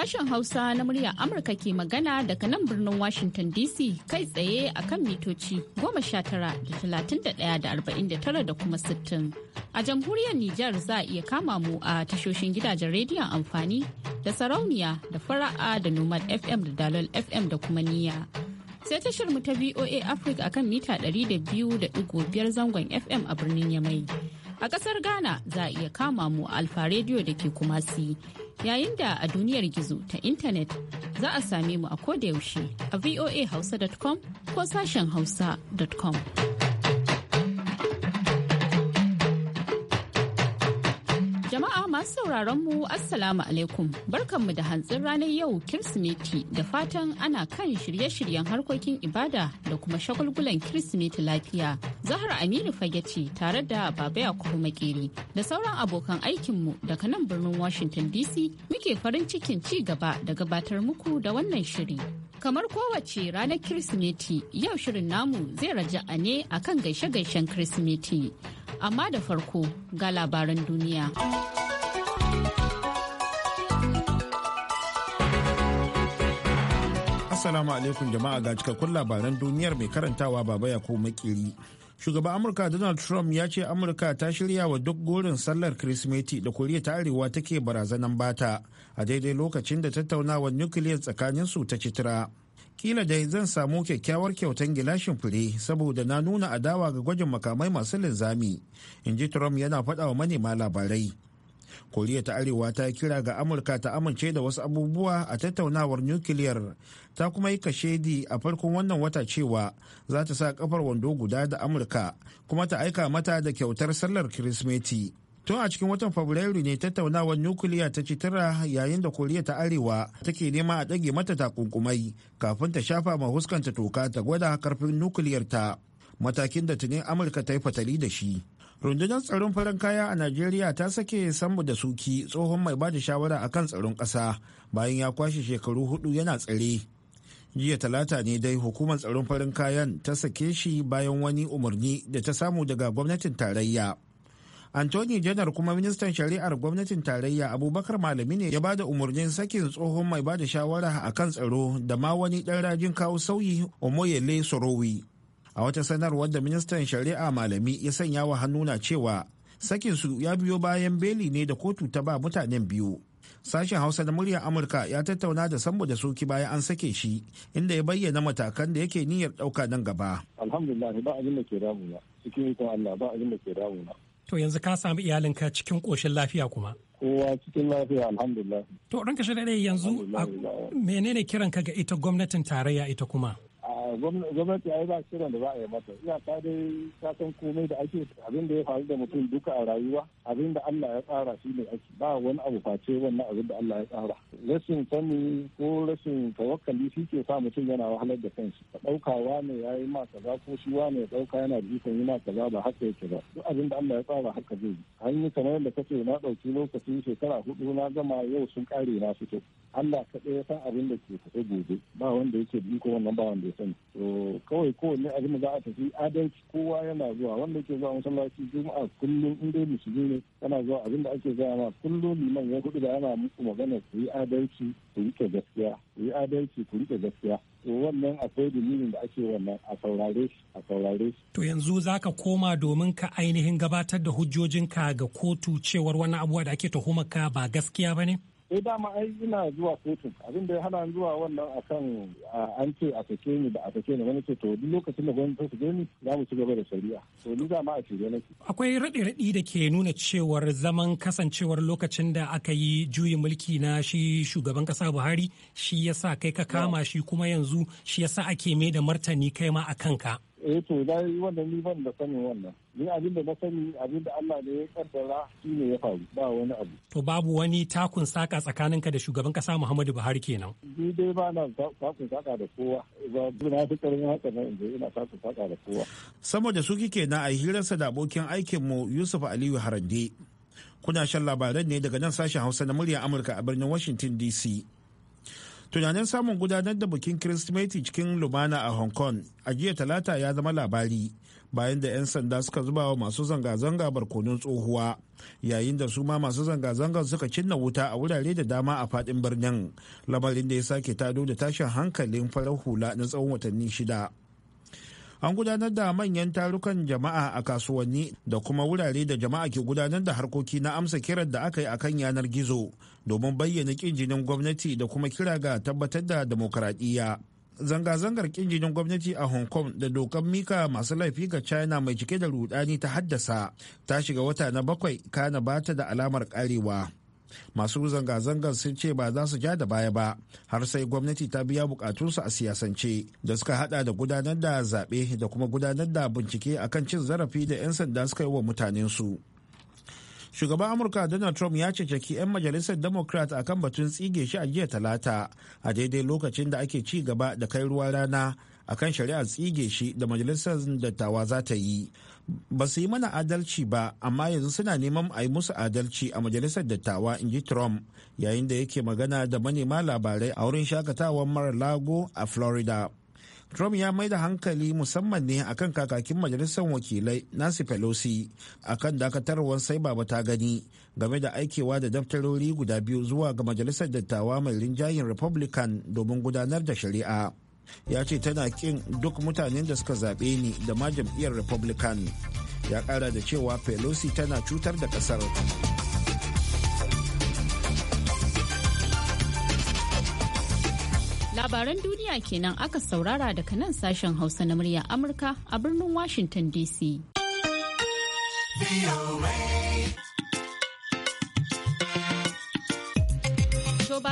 Sashen Hausa na murya Amurka ke magana daga nan birnin Washington DC kai tsaye a kan mitoci tara da kuma 60. A jamhuriyar Nijar za a iya kama mu a tashoshin gidajen rediyon amfani da sarauniya da fara'a da Nomad FM da Dalol FM da kuma niya Sai tashar mu ta VOA Africa akan mita 200.5 zangon FM a birnin Yamai. A ƙasar Ghana za a iya kama mu a Alfa Radio da ke Kumasi. yayin da a duniyar gizo ta intanet za a same mu a yaushe a voahausa.com ko sashen hausa.com. Jama'a masu sauraron mu Assalamu alaikum barkanmu da hantsin ranar yau Kirsimeti da fatan ana kan shirye-shiryen harkokin ibada da kuma shagulgulan Kirsimeti lafiya. Zahra Aminu Fage ce tare da Baba Yakubu Makeri da sauran abokan aikin mu daga nan birnin Washington DC muke farin cikin ci gaba da gabatar muku da wannan shiri. Kamar kowace ranar Kirsimeti, yau shirin namu zai raja'a ne a kan gaishe-gaishen Kirsimeti. Amma da farko ga labaran duniya. Assalamu alaikum jama'a ga cikakkun labaran duniyar mai karantawa baba ya ko makiri. Shugaban Amurka Donald Trump ya ce Amurka ta shirya wa duk gorin sallar Kirsimeti da Koriya ta Arewa take barazanan bata a daidai lokacin da tattaunawar nukiliyar su ta citira kila dai zan samu kyakkyawar kyautan gilashin fure saboda na nuna adawa ga gwajin makamai masu linzami in ji trump yana faɗa wa manema labarai koriya ta arewa ta kira ga amurka ta amince da wasu abubuwa a tattaunawar nukiliyar ta kuma yi kashedi a farkon wannan wata cewa za ta sa kafar wando guda da amurka kuma ta aika mata da kyautar sallar kirismeti tun a cikin watan fabrairu ne tattaunawar nukiliya ta ci tara yayin da koriya ta arewa take nema a ɗage mata takunkumai kafin ta shafa ma huskanta toka ta gwada karfin nukiliyar ta matakin da tuni amurka ta yi fatali da shi rundunar tsaron farin kaya a najeriya ta sake sambu da suki tsohon mai bada shawara akan tsaron kasa bayan ya kwashe shekaru hudu yana tsare jiya talata ne dai hukumar tsaron farin kayan ta sake shi bayan wani umarni da ta samu daga gwamnatin tarayya Antoni Janar kuma ministan shari'ar gwamnatin tarayya Abubakar Malami ne ya ba da umarnin sakin tsohon mai ba da shawara a kan tsaro da ma wani ɗan rajin kawo sauyi Omoyele Sorowi. A wata sanarwar da ministan shari'a Malami ya sanya wa hannu na cewa sakin su ya biyo bayan beli ne da kotu ta ba mutanen biyu. Sashen Hausa da muryar Amurka ya tattauna da sambo da soki bayan an sake shi inda ya bayyana matakan da yake niyyar ɗauka nan gaba. Alhamdulillah ba abin da ke damuna cikin ikon Allah ba abin da ke damuna. To yanzu ka samu iyalinka cikin koshin lafiya kuma. Kowa cikin lafiya alhamdulillah. To ranka shi yanzu menene kiranka ga ita gwamnatin tarayya ita kuma? gwamnati ya yi ba shirin da za a yi mata ina ta dai ta san komai da ake abin da ya faru da mutum duka a rayuwa abin da Allah ya tsara shi ne ake ba wani abu face wannan abin da Allah ya tsara rashin sani ko rashin tawakkali shi ke sa mutum yana wahalar da kansa ka ɗauka wane ya yi ma kaza ko shi wane ya ɗauka yana da yi ma kaza ba haka yake ba duk abin da Allah ya tsara haka zai yi yi kamar da kace na ɗauki lokacin shekara hudu na gama yau sun kare na fito Allah kaɗai ya san abin da ke tafe gobe ba wanda yake ke wannan ba wanda ya sani to kawai kowanne abin da za a tafi adalci kowa yana zuwa wanda yake zuwa masallaci juma'a kullum in dai musulmi ne yana zuwa abin da ake zuwa ma kullum liman ya kudu da yana muku magana ku yi adalci ku rike gaskiya ku yi adalci ku rike gaskiya to wannan akwai dalilin da ake wannan a saurare shi a saurare shi to yanzu zaka koma domin ka ainihin gabatar da hujjojinka ga kotu cewar wannan abubuwa da ake tuhumar ka ba gaskiya ba ne. sai eh, dama ai ina zuwa kotun abin da ya hana zuwa wannan akan an ce a sake ni da a sake ni wani ce to duk lokacin da gwamnati ta gani za mu ci gaba da shari'a to ni dama a shirye nake akwai raɗe-raɗi da ke nuna cewar zaman kasancewar lokacin da aka yi juyin mulki na shi shugaban kasa Buhari shi yasa kai ka kama shi kuma yanzu shi yasa ake mai da martani kai ma a kanka eh to dai wannan ni ban da sanin wannan ni abin da na sani abin da Allah ne ya kaddara shine ya faru ba wani abu to babu wani takun saka tsakanin ka da shugaban kasa Muhammadu Buhari kenan ni dai ba na takun saka da kowa ba na fi karin haka na inda ina takun saka da kowa saboda su kike na a hirarsa da abokin aikin mu Yusuf Aliyu Harande kuna shan labaran ne daga nan sashen Hausa na muryar Amurka a birnin Washington DC tunanin samun gudanar da bikin kirsimeti cikin lumana a hong kong a jiya talata ya zama labari bayan da 'yan sanda suka zuba wa masu zanga-zanga barkonon tsohuwa yayin da su ma masu zanga-zangar suka cinna wuta a wurare da dama a fadin birnin lamarin da ya sake tado da tashin hankalin farar hula na tsawon watanni shida an gudanar da manyan tarukan jama'a a kasuwanni da kuma wurare da jama'a ke gudanar da harkoki na amsa kiran da aka yi a kan yanar gizo domin bayyana kin jinin gwamnati da kuma kira ga tabbatar da demokaradiyya zanga-zangar kin jinin gwamnati a hong kong da dokar mika masu laifi ga china mai cike da rudani ta haddasa ta shiga wata na bakwai kana bata da alamar karewa masu zanga-zangar sun ce ba za su ja da baya ba har sai gwamnati ta biya bukatunsu a siyasance da suka hada da gudanar da zaɓe da kuma gudanar da bincike akan cin zarafi da 'yan sanda suka yi wa mutanensu shugaban amurka donald trump ya ceceki 'yan majalisar democrat akan batun tsige shi a jiya talata a daidai lokacin da ake ci gaba da kai ruwa rana akan shari'a tsige shi da majalisar dattawa za ta yi ba su yi mana adalci ba amma yanzu suna neman a yi musu adalci a majalisar dattawa in ji trump yayin da yake magana da manema labarai a wurin shakatawan mara lago a florida trump ya mai da hankali musamman ne akan kakakin majalisar wakilai nancy pelosi akan dakatarwar sai baba ta gani game da aikewa da daftarori guda biyu zuwa ga majalisar dattawa mai rinjayin republican domin gudanar da shari'a ya ce tana kin duk mutanen da suka zaɓe ni da ma jam'iyyar republican ya ƙara da cewa pelosi tana cutar da ƙasar labaran duniya kenan aka saurara daga nan sashen hausa na murya amurka a birnin washington dc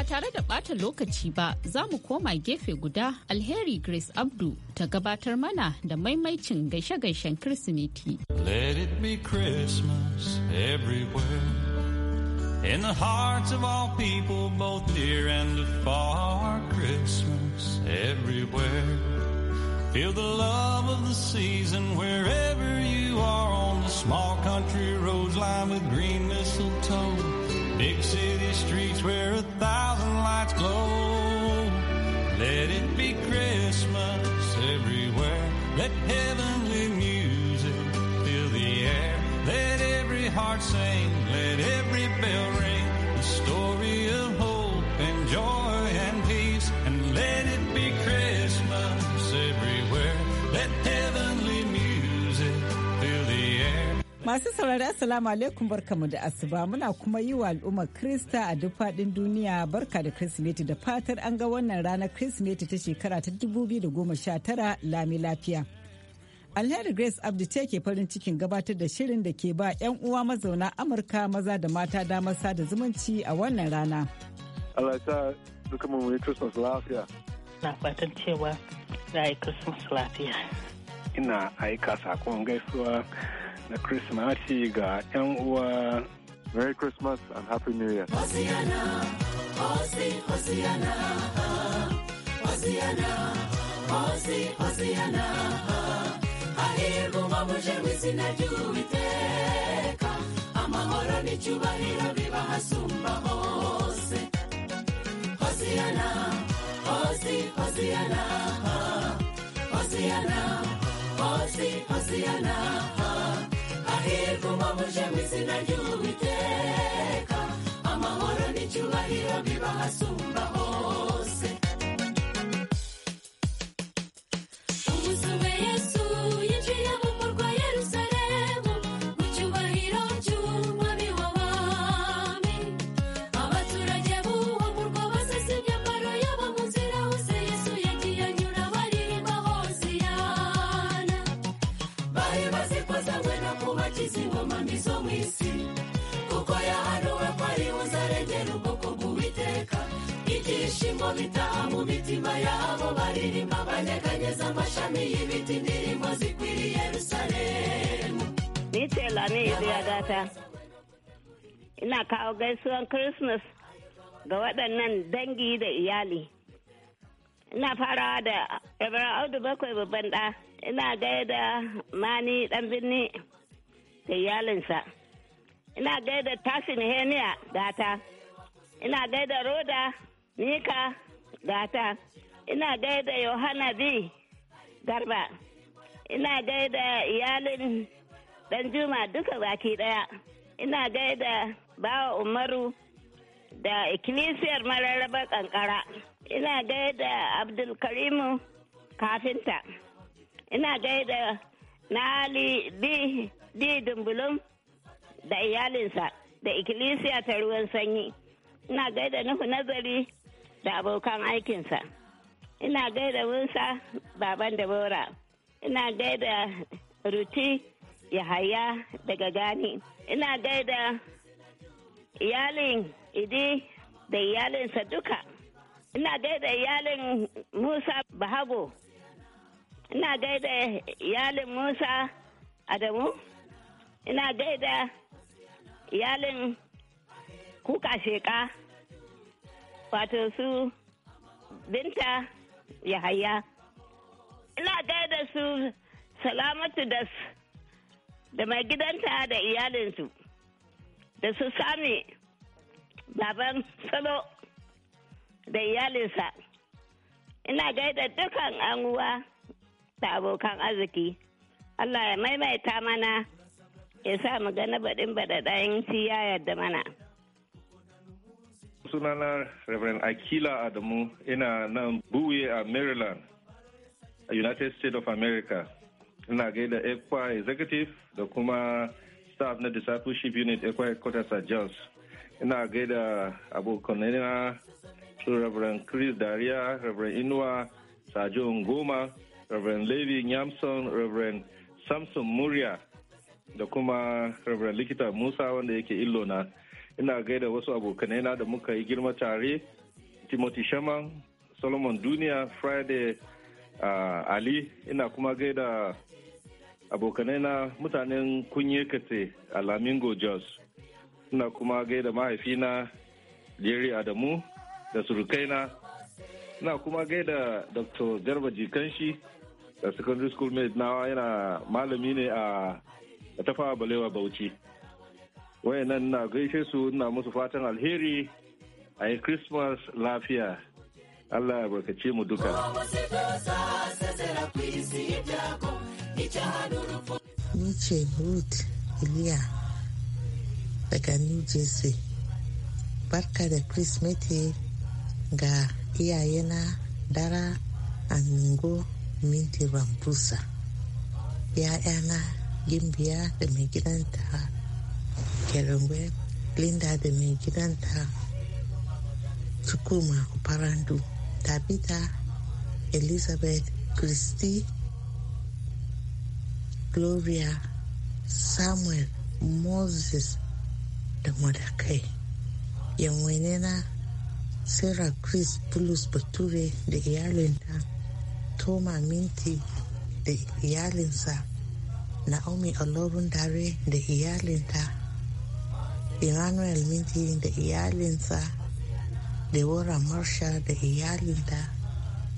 tare da ɓata lokaci ba za mu koma gefe guda alheri Grace Abdu ta gabatar mana da maimaicin gaishe-gaishen Kirsimeti. Let it be Christmas everywhere In the hearts of all people both near and afar Christmas everywhere Feel the love of the season wherever you are On the small country roads lined with green mistletoe Big city streets where a thousand lights glow. Let it be Christmas everywhere. Let heavenly music fill the air. Let every heart sing. Let every bell Masu saurari Assalamu alaikum barkamu da asuba muna kuma yi wa al'ummar Krista a duk faɗin duniya barka da Kirsimeti da fatar an ga wannan ranar Kirsimeti ta shekara ta 2019 lami lafiya. Alheri Grace Abdi ce ke farin cikin gabatar da shirin da ke ba 'yan uwa mazauna Amurka maza da mata damar sada zumunci a wannan rana. Allah ya duka mu yi Christmas lafiya. Na fatan cewa za a yi Christmas lafiya. Ina aika sakon gaisuwa na Krismasi ga 'yan uwa. Merry Christmas and Happy New Year. Hosiana, Hosiana, Hosiana, Hosiana, Hosiana, Hosiana, Hosiana, Hosiana, Hosiana, tumahuje mu izina ry'uwiteka amahoro n'icyubahiro bibahasumbaho ibyishimo bitaha mu mitima yabo baririmba banyeganyeza amashami y'ibiti indirimbo zikwiriye yerusalemu ni telamizi ya gata ina kawo gaisuwan christmas ga waɗannan dangi da iyali ina farawa da ibrahim audu bakwai babban ɗa ina gaida mani ɗan birni da iyalinsa ina gaida tasin heniya gata ina gaida roda Mika gata, ina gaida Yohana B. Garba, ina gaida iyalin juma duka baki ɗaya, ina gaida Bawa Umaru da ikkilisiyar mararraba kankara, ina gaida Abdulkarimu kafinta, ina gaida Nali B. D. Dumbulum da iyalinsa da ikkilisiyar ta ruwan sanyi, ina gaida Nuhu Nazari. da abokan aikinsa. Ina gaida Musa baban da Bora. Ina gaida Ruti Yahaya daga Gani. Ina gaida iyalin Idi da iyalin duka. Ina gaida iyalin Musa Bahago. Ina gaida iyalin Musa Adamu. Ina gaida iyalin kuka sheka. wato su binta yahaya ina gaida su salamatu da da mai gidanta da iyalinsu da su sami baban salo da iyalinsa ina gaida dukan uwa da abokan arziki allah ya maimaita mana ya sa mu ga na baɗin baɗaɗayen ya yarda mana sunana Reverend Akila Adamu ina nan Buwe uh, a Maryland, a United States of America. Ina gaida ECWA Executive da kuma staff na Discipleship Unit ECWA Headquarters a Jos. Ina gaida abokanina su Reverend Chris Daria, Reverend Inuwa, Sajo Ngoma, Reverend Levi Nyamson, Reverend Samson Muria da kuma Reverend Likita Musa wanda yake illona. na. ina gaida wasu abokanai na da muka yi girma tare timothy shaman solomon duniya friday uh, ali ina kuma gaida abokanai na mutanen kunye kate a lamingo jos ina kuma gaida mahaifina jerry adamu da surukaina ina kuma gaida dr garba jikanshi da secondary school mate nawa yana malami ne a tafawa balewa bauchi wayannan na gaishe su na musu fatan alheri a yi christmas lafiya allah ya barkaci mu duka ni ce ruth iliya daga new jersey barka da Christmas ga iyayena dara amingo minti rambusa ya'yana gimbiya da mai gidanta kelengwe linda da mai gidanta tukuma parandu tabita elizabeth christie gloria samuel moses da madakai yanwaine na sarah chris bulus bature da iyalinta toma minti da iyalinsa naomi olorun dare da iyalinta emmanuel minti da iyalinsa deborah marshall da iyalinta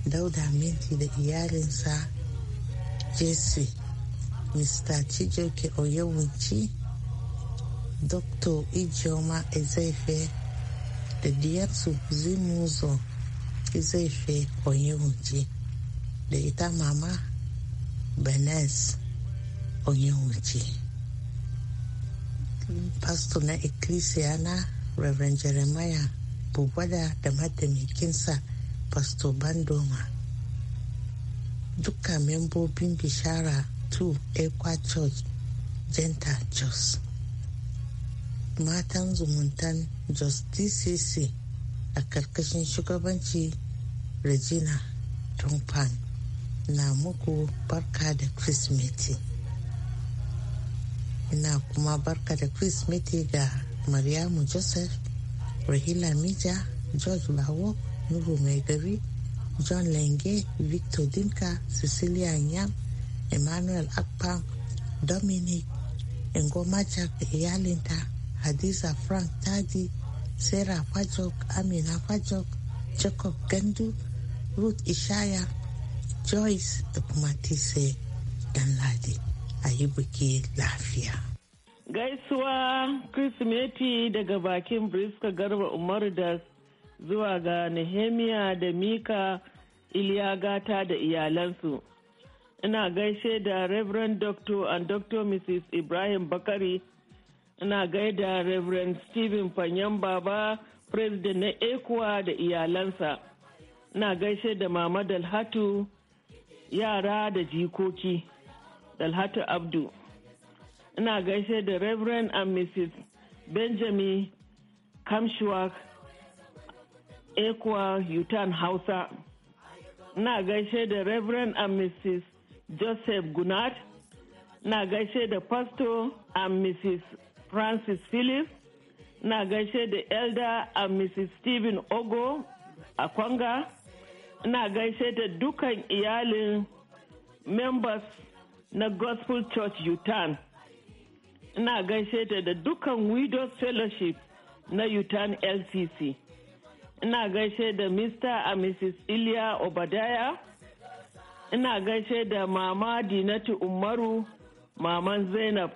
dauda minti da iyalinsa jesse mr chijoke oyewunci dr ijeoma ezeife da diyarsu zimuzo ezeife oyewunci da ita mama benes oyewunci pastor na ecclesia na reverend jeremiah da da mataimakinsa pastor bandoma duka membobin bishara 2 ekwa church genta jos matan zumuntan jos dcc a karkashin shugabanci regina tumpan na muku barka da kirsimeti ina kuma barka da chris mete da maryamu joseph rahila mija george bawo nuhu mai gari john lenge victor dinka cecilia yam emmanuel akpan dominic ingomajak da iyalinta hadiza frank tadi sarah fajok amina fajok jacob gandu ruth ishaya joyce da kuma tise dan ladi a yi buki lafiya. Gaisuwa Kirsimeti daga bakin Briska Garba Umaru da zuwa ga Nehemiya da Mika Iliyagata da iyalansu. Ina gaishe da Reverend Dr. and Dr. Mrs. Ibrahim Bakari. Ina gaida Reverend Stephen Fanyan Baba, President na Ekuwa da iyalansa. Ina gaishe da Mama Dalhatu, yara da jikoki. dalhatu abdu ina gaishe da reverend and mrs benjamin kamshuwak ekwa yutan hausa ina gaishe da reverend and mrs joseph gunat ina gaishe da pastor and mrs francis phillips ina gaishe da elder and mrs stephen ogo a kwanga ina gaishe da dukan iyalin members na Gospel Church Utan. Ina gaishe ta da dukan Widows Fellowship na Utan LCC. Ina gaishe da Mr. and Mrs. Ilya Obadaya. Ina gaishe da Mama Dinatu Umaru, Maman Zainab.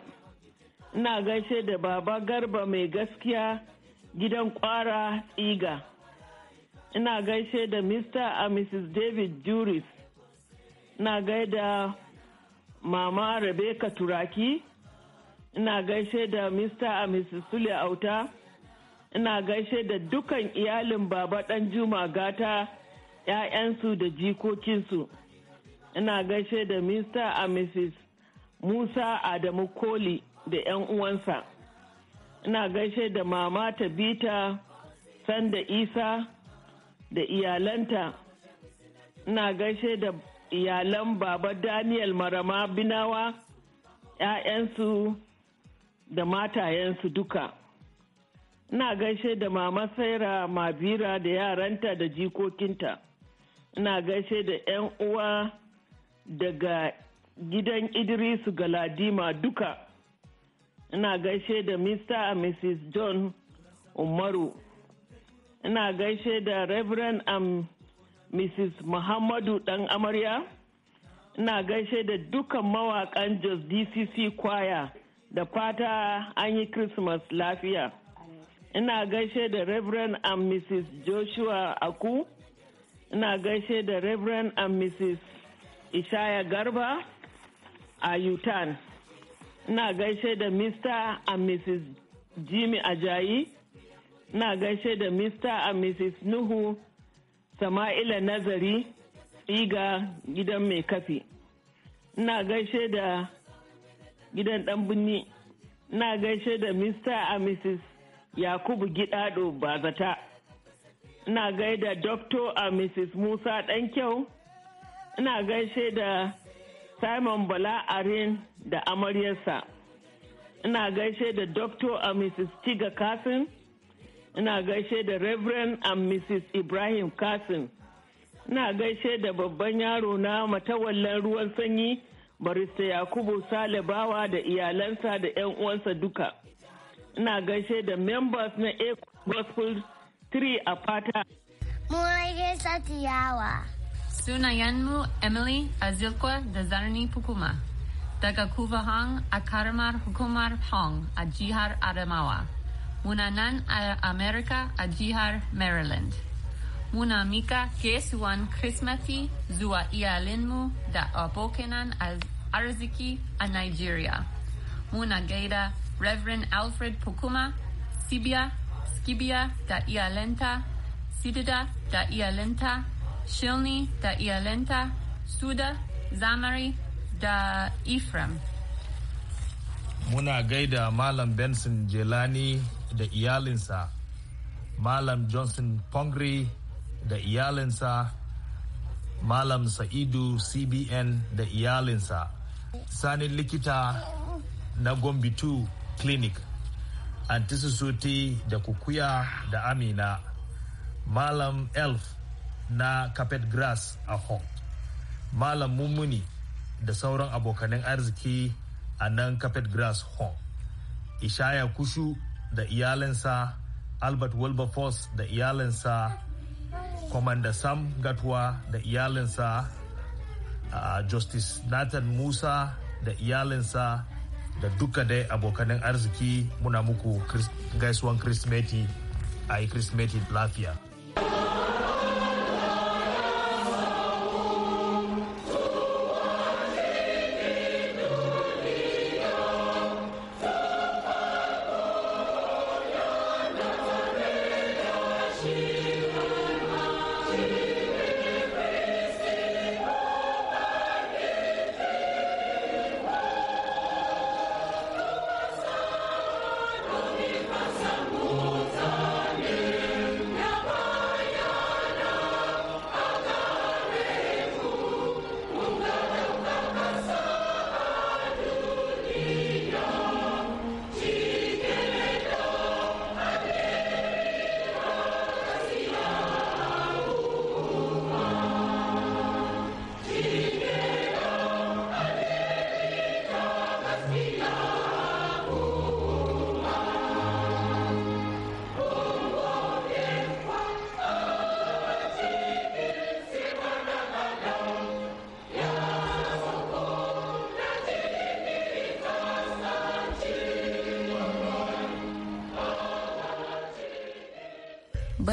Ina gaishe da Baba Garba mai gaskiya gidan kwara tsiga. Ina gaishe da Mr. and Mrs. David Juris. Ina gaida mama Rebecca Turaki, ina gaishe da Mr. a Mrs. Sule Auta, ina gaishe da dukan iyalin Baba ɗan Juma gata ‘ya'yansu da jikokinsu. Ina gaishe da Mr. a Mrs. Musa Adamu Koli da ‘yan uwansa. Ina gaishe da mama Tabita Sanda Isa da iyalanta. Ina gaishe da iyalan baba daniel marama binawa 'ya'yansu da matayensu duka ina gaishe da mama saira mabira da yaranta da jikokinta ina gaishe da 'yan uwa daga gidan idrisu galadima duka ina gaishe da mr and mrs john umaru ina gaishe da reverend and Mrs. Muhammadu Dan Amarya, ina gaishe da dukan mawakan Jos DCC Choir da fata an yi Christmas lafiya. Ina gaishe da Reverend and Mrs. Joshua Aku, ina gaishe da Reverend and Mrs. Ishaya Garba a Utan. Ina gaishe da Mr. and Mrs. Jimmy Ajayi, ina gaishe da Mr. and Mrs. Nuhu Sama'ila Nazari Tsiga gidan mai kafi. Ina gaishe da gidan ɗan binni. Ina gaishe da Mr. and Mrs. Yakubu Gidado Bazata. Ina gaida Dr. and Mrs. Musa Ɗankyau. Ina gaishe da Simon Bala Arin da amaryarsa. Ina gaishe da Dr. and Mrs. Tiga Kasin. ina gaishe da Reverend and Mrs. Ibrahim Kasim. Ina gaishe da babban yaro na matawallan ruwan sanyi barista Yakubu Salibawa da iyalansa da 'yan uwansa duka. Ina gaishe da members na A Gospel 3 a fata. yawa. Satiyawa. Sunayenmu Emily Azilkwa da Zarni Pukuma. Daga Kuvahang a karamar hukumar Hong a jihar Adamawa. muna nan a eh, america a jihar Maryland. Muna mika gaisuwan Kirsimeti zuwa iyalinmu da al arziki a Nigeria. Muna gaida Reverend Alfred Pukuma, sibia skibia da iyalanta, Sidida da iyalanta, Shilni da iyalanta, Suda, Zamari da Ephraim. Muna gaida Malam Benson Jelani da iyalinsa malam johnson pongri da iyalinsa malam sa'idu cbn da iyalinsa sanin likita na gombe 2 clinic antisusuti da kukuya da amina malam elf na carpet grass a hong malam mummuni da sauran abokanin arziki a nan carpet grass hong ishaya kushu da iyalinsa albert wilberforce da iyalinsa commander sam gatwa da iyalinsa uh, justice nathan musa da iyalinsa da duka dai abokanin arziki muna muku gaisuwan kirismeti a yi kirsimeti lafiya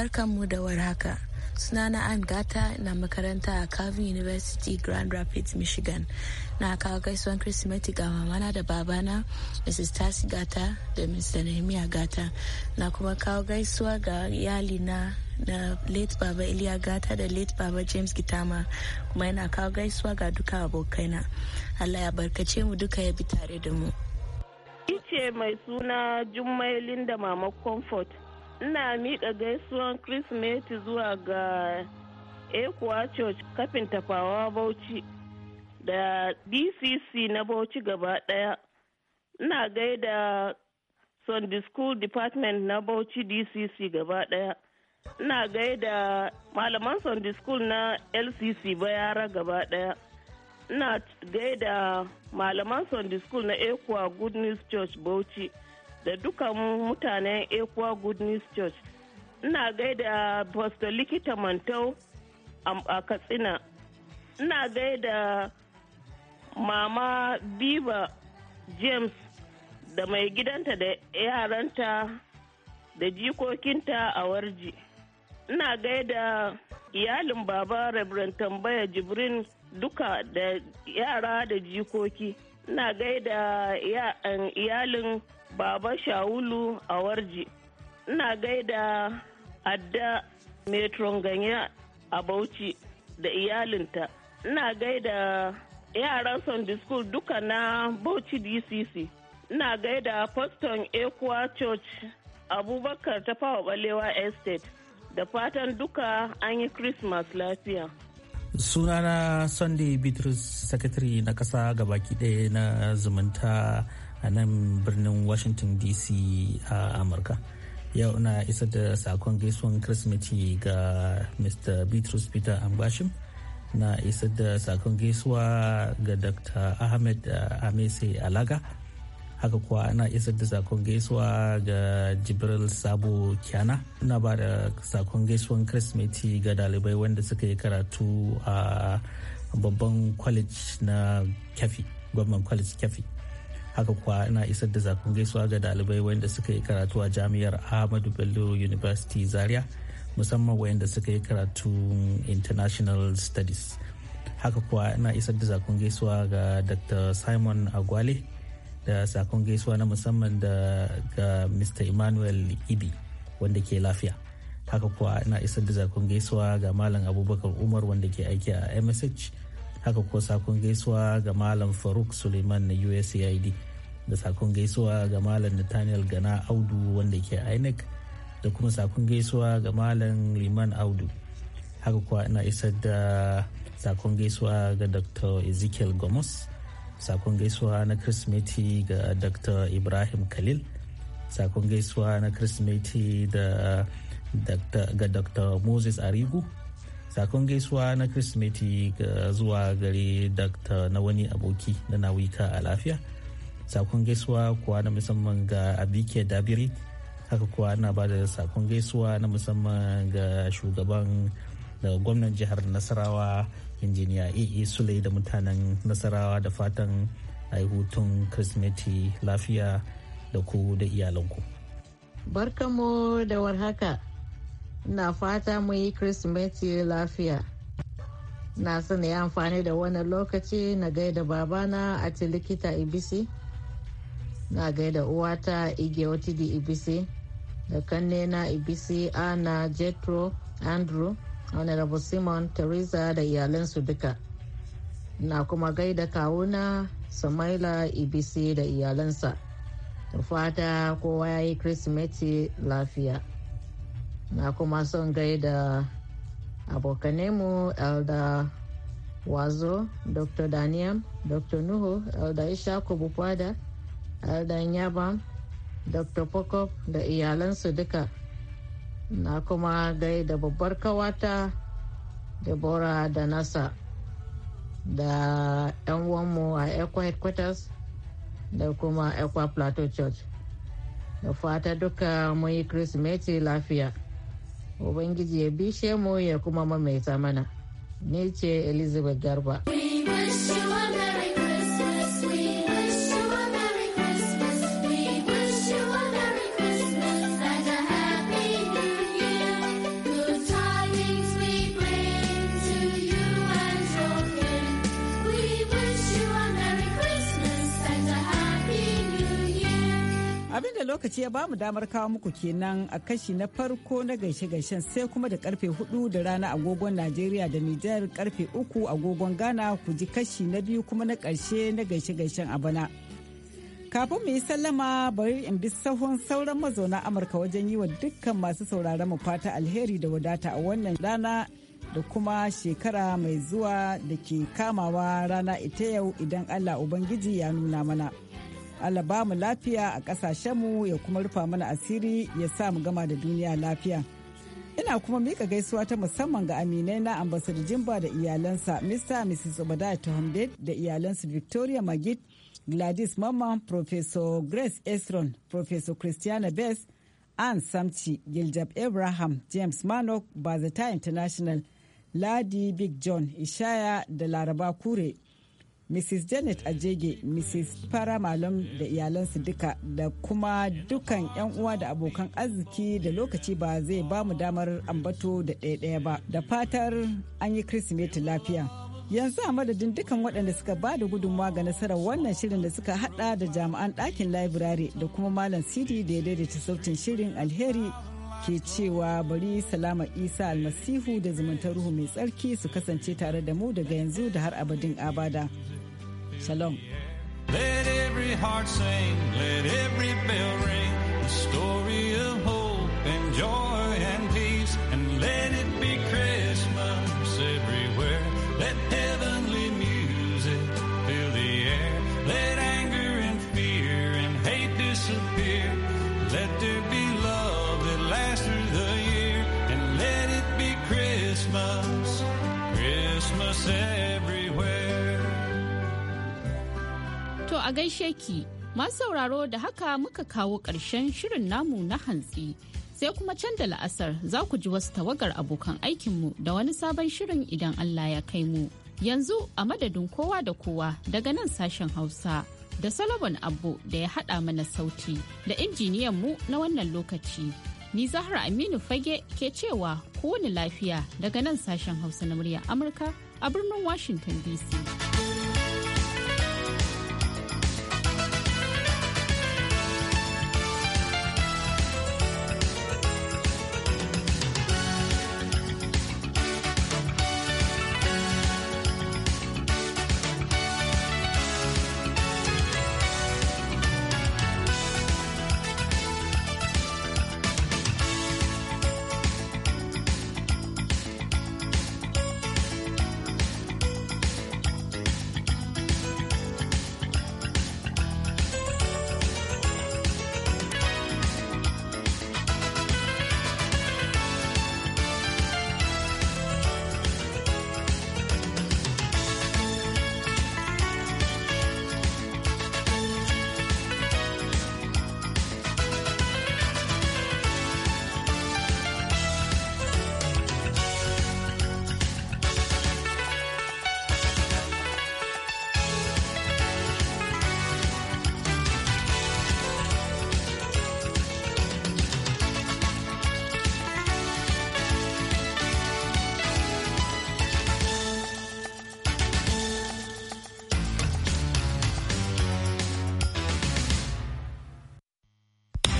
barkan mu da warhaka. Sunana an Gata na makaranta a Calvin University Grand Rapids, Michigan. Na kawo gaisuwan Kirsimeti ga mamana da babana, Mrs. Tasi Gata da Mr. Nehemiah Gata. Na kuma kawo gaisuwa ga iyali na da late baba Iliya Gata da late baba James Gitama kuma yana kawo gaisuwa ga duka abokaina. Allah ya barkace mu duka ya bi tare da mu. Ice mai suna Jummai Linda Mama Comfort. ina miƙa gaisuwan kirsimeti zuwa ga ekuwa church kafin tafawa bauchi da dcc na bauchi gaba ɗaya ina gaida sunday school department na bauchi dcc gaba ɗaya ina gaida malaman sunday school na lcc bayara gaba ɗaya ina gaida malaman sunday school na ekuwa good news church bauchi da dukan mutanen Equa Good News Church. Ina gaida Pastor Likita Mantau a Katsina. Ina gaida Mama Biba James da mai gidanta da yaranta da jikokinta a warji. Ina gaida iyalin baba Reverend Tambaya Jibrin duka da yara da jikoki. Ina gaida eh, iyalin Baba Shawulu a warji. Ina gaida adda metron ganye a Bauchi da iyalinta. Ina gaida yaran Sunday School duka na Bauchi DCC. Ina gaida foston Equa Church Abubakar ta fawa balewa Estate. Da fatan duka an yi Christmas lafiya. sunana sunday bitrus secretary na kasa gabaki ɗaya na zumunta a nan birnin washington dc a amurka yau na isa da sakon gaisuwan kirsimeti ga mr bitrus peter ambashim na isa da sakon gaisuwa ga dr ahmed eh, amese alaga haka kuwa ana isar da sakon gaisuwa ga jibril sabo kyana ina ba da sakon gaisuwan kirsimeti ga dalibai wanda suka yi karatu a babban kwalej na kyafi gwamnan kwalej kyafi haka kuwa ina isar da zafin gaisuwa ga dalibai wanda suka yi karatu a jami'ar ahmadu bello university zaria musamman wayanda suka yi karatu international studies haka kuwa ina isar da sakon gaisuwa ga dr simon agwale da sakon gaisuwa na musamman ga mr emmanuel ibi wanda ke lafiya haka kuwa ina isar da sakon gaisuwa ga malam abubakar umar wanda ke aiki a msh haka ko sakon gaisuwa ga malam faruk suleiman na usaid da sakon gaisuwa ga malam nathaniel gana audu wanda ke inec da kuma sakon gaisuwa ga malam liman audu haka kuwa ina isar da sakon gaisuwa ga dr ezekiel gomes sakon gaisuwa na kirsimeti ga dr ibrahim khalil sakon gaisuwa na kirsimeti ga dr moses arigu sakon gaisuwa na kirsimeti ga zuwa gare dakta na wani aboki na nawika a lafiya sakon gaisuwa kuwa na musamman ga abike dabiri haka kuwa na ba da sakon gaisuwa na musamman ga shugaban da gwamnan jihar nasarawa injiniya ee sule da mutanen nasarawa da fatan hutun kirsimeti lafiya da ku da iyalanku barkamu da warhaka ina fata mu yi kirsimeti lafiya na son ya amfani da wannan lokaci na gaida babana a likita ibisi na gaida uwata igwe ibisi da kanne kannena ibisi ana jetro andrew honorable simon teresa da iyalansu duka na kuma gaida kawuna samaila ibisi da iyalansa da fata kowa ya yi kirsimeti lafiya na kuma son gaida abokanemu elda wazo dr daniel dr nuhu elda ishaku bukwada elda nyaba dr pokop da iyalansu duka na kuma gaida babbar kawata deborah da nasa da 'yan uwanmu a equa headquarters da kuma equa plateau church da fata duka mun yi kirsimeti lafiya ubangiji ya bishe mu ya kuma mamaita mana Ni ce elizabeth garba lokaci ya bamu damar kawo muku kenan a kashi na farko na gaishe-gaishen sai kuma da karfe hudu da rana agogon Najeriya da Nijar karfe uku agogon Ghana ku ji kashi na biyu kuma na karshe na gaishe-gaishen a bana. Kafin mu yi sallama bari in bi sahun sauran mazauna Amurka wajen yi wa dukkan masu sauraron mu fata alheri da wadata a wannan rana da kuma shekara mai zuwa da ke kamawa rana ita yau idan Allah Ubangiji ya nuna mana. Allah ba mu lafiya a ƙasashenmu ya kuma rufa mana asiri ya sa mu gama da duniya lafiya. Ina kuma mika gaisuwa ta musamman ga aminai na ambasadar Jimba da iyalansa Mr. Mrs. Obadiah Tohamded da iyalansa Victoria Magid, Gladys Mamma, Professor Grace Estron, Professor Christiana Bess, Ann Samci, Giljab Abraham, James Manok, Bazata International, Ladi Big John, Ishaya da Laraba Kure mrs janet ajege mrs fara malam da iyalansu duka da kuma dukan yan uwa da abokan arziki da lokaci ba zai ba mu damar ambato da ɗaya-ɗaya ba da fatar an yi kirsimeti lafiya yanzu a madadin dukan waɗanda suka ba da gudunmawa ga nasarar wannan shirin da suka haɗa da jami'an ɗakin library da kuma malam sidi da ya daidaita sautin shirin alheri ke cewa bari salama isa almasihu da zumunta ruhu mai tsarki su kasance tare da mu daga yanzu da har abadin abada Shalom. Let every heart sing, let every bell ring, the story of hope and joy and peace, and let it be Christmas everywhere. Let heavenly music fill the air, let anger and fear and hate disappear, let there be love that lasts through the year, and let it be Christmas, Christmas everywhere. To a gaishe ki, masu sauraro da haka muka kawo ƙarshen shirin namu na hantsi. Sai kuma can da la'asar za ku ji wasu tawagar abokan aikinmu da wani sabon shirin idan Allah ya kai mu. Yanzu a madadin kowa da kowa daga nan sashen Hausa da Solomon Abbo da ya haɗa mana sauti da injiniyan mu na wannan lokaci. Ni Zahra Aminu Fage ke cewa kowane lafiya daga nan sashen Hausa na muryar Amurka a birnin Washington DC.